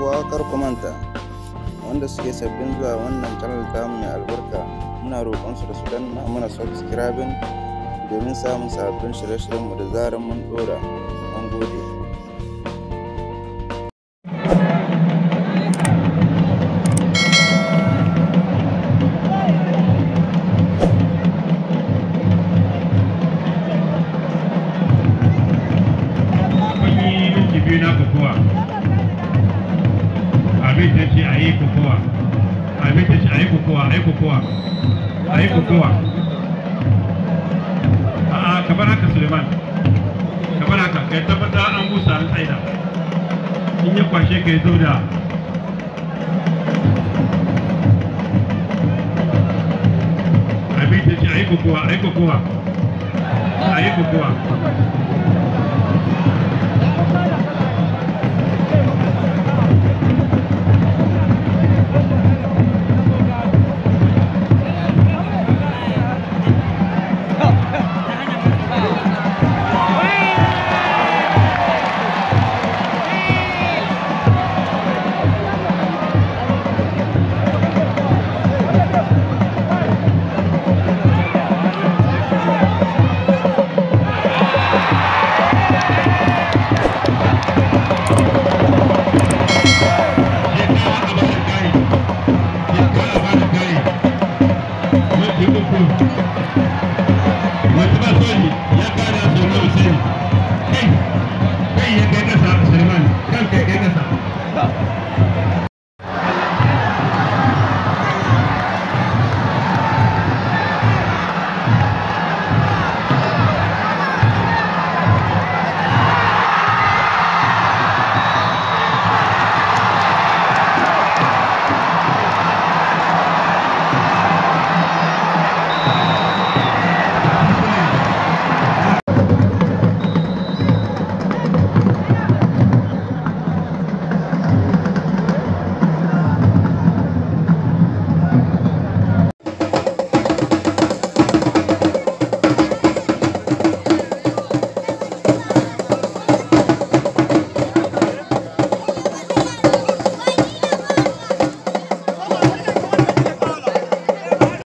uwa kar ku manta wanda suke sabbin zuwa wannan channel tamu mai albarka muna roƙon su da su danna mana subscribing domin samun sabbin shirye mu da zaran mun dora an gode na abin ta ce a yi kokowa abin ta ce a yi kokowa a yi kokowa a yi kokowa a'a kamar haka suleiman kamar haka kai tabbata an busa an tsaida in ya kwashe kai zo da abin ta ce a yi kokowa a yi kokowa a yi kokowa